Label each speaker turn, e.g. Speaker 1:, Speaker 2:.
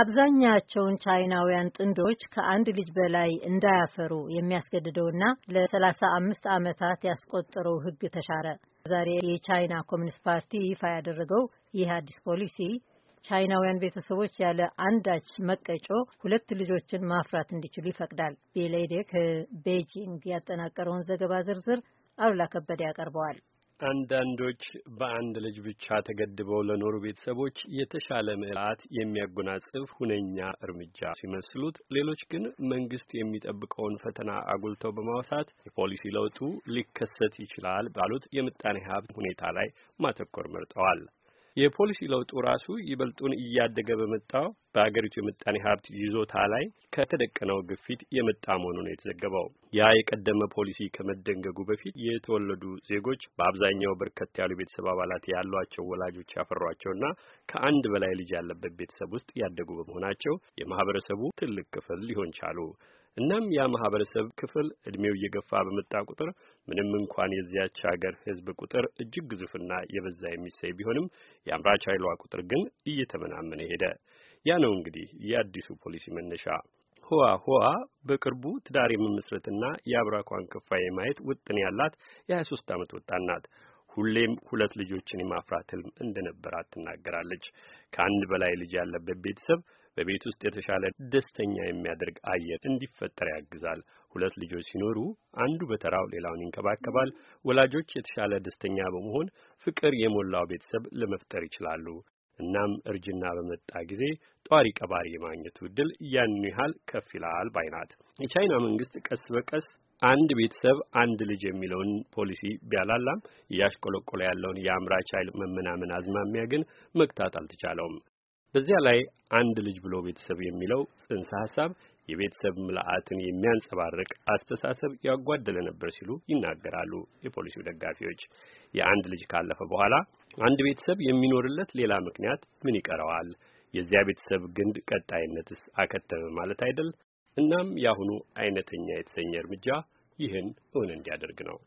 Speaker 1: አብዛኛቸውን ቻይናውያን ጥንዶች ከአንድ ልጅ በላይ እንዳያፈሩ የሚያስገድደውና ለሰላሳ አምስት ዓመታት ያስቆጠረው ሕግ ተሻረ። ዛሬ የቻይና ኮሚኒስት ፓርቲ ይፋ ያደረገው ይህ አዲስ ፖሊሲ ቻይናውያን ቤተሰቦች ያለ አንዳች መቀጮ ሁለት ልጆችን ማፍራት እንዲችሉ ይፈቅዳል። ቤሌዴ ከቤጂንግ ያጠናቀረውን ዘገባ ዝርዝር አሉላ ከበደ ያቀርበዋል።
Speaker 2: አንዳንዶች በአንድ ልጅ ብቻ ተገድበው ለኖሩ ቤተሰቦች የተሻለ ምዕላት የሚያጎናጽፍ ሁነኛ እርምጃ ሲመስሉት፣ ሌሎች ግን መንግስት የሚጠብቀውን ፈተና አጉልተው በማውሳት የፖሊሲ ለውጡ ሊከሰት ይችላል ባሉት የምጣኔ ሀብት ሁኔታ ላይ ማተኮር መርጠዋል። የፖሊሲ ለውጡ ራሱ ይበልጡን እያደገ በመጣው በሀገሪቱ የምጣኔ ሀብት ይዞታ ላይ ከተደቀነው ግፊት የመጣ መሆኑ ነው የተዘገበው። ያ የቀደመ ፖሊሲ ከመደንገጉ በፊት የተወለዱ ዜጎች በአብዛኛው በርከት ያሉ ቤተሰብ አባላት ያሏቸው ወላጆች ያፈሯቸውና ከአንድ በላይ ልጅ ያለበት ቤተሰብ ውስጥ ያደጉ በመሆናቸው የማህበረሰቡ ትልቅ ክፍል ሊሆን ቻሉ። እናም ያ ማህበረሰብ ክፍል እድሜው እየገፋ በመጣ ቁጥር ምንም እንኳን የዚያች ሀገር ሕዝብ ቁጥር እጅግ ግዙፍና የበዛ የሚሰይ ቢሆንም የአምራች ኃይሏ ቁጥር ግን እየተመናመነ ሄደ። ያ ነው እንግዲህ የአዲሱ ፖሊሲ መነሻ። ሆዋ ሆዋ በቅርቡ ትዳር የመመስረትና የአብራኳን ክፋይ ማየት ውጥን ያላት የ23 ዓመት ወጣት ናት። ሁሌም ሁለት ልጆችን የማፍራት ህልም እንደነበራት ትናገራለች። ከአንድ በላይ ልጅ ያለበት ቤተሰብ በቤት ውስጥ የተሻለ ደስተኛ የሚያደርግ አየር እንዲፈጠር ያግዛል። ሁለት ልጆች ሲኖሩ አንዱ በተራው ሌላውን ይንከባከባል። ወላጆች የተሻለ ደስተኛ በመሆን ፍቅር የሞላው ቤተሰብ ለመፍጠር ይችላሉ። እናም እርጅና በመጣ ጊዜ ጧሪ ቀባሪ የማግኘቱ ዕድል ያንኑ ያህል ከፍ ይላል ባይናት። የቻይና መንግስት ቀስ በቀስ አንድ ቤተሰብ አንድ ልጅ የሚለውን ፖሊሲ ቢያላላም እያሽቆለቆለ ያለውን የአምራች ኃይል መመናመን አዝማሚያ ግን መግታት አልተቻለውም። በዚያ ላይ አንድ ልጅ ብሎ ቤተሰብ የሚለው ጽንሰ ሐሳብ የቤተሰብ ምልአትን የሚያንጸባርቅ አስተሳሰብ ያጓደለ ነበር ሲሉ ይናገራሉ የፖሊሲው ደጋፊዎች። የአንድ ልጅ ካለፈ በኋላ አንድ ቤተሰብ የሚኖርለት ሌላ ምክንያት ምን ይቀረዋል? የዚያ ቤተሰብ ግንድ ቀጣይነትስ አከተመ ማለት አይደል? እናም የአሁኑ አይነተኛ የተሰኘ እርምጃ ይህን እውን እንዲያደርግ ነው።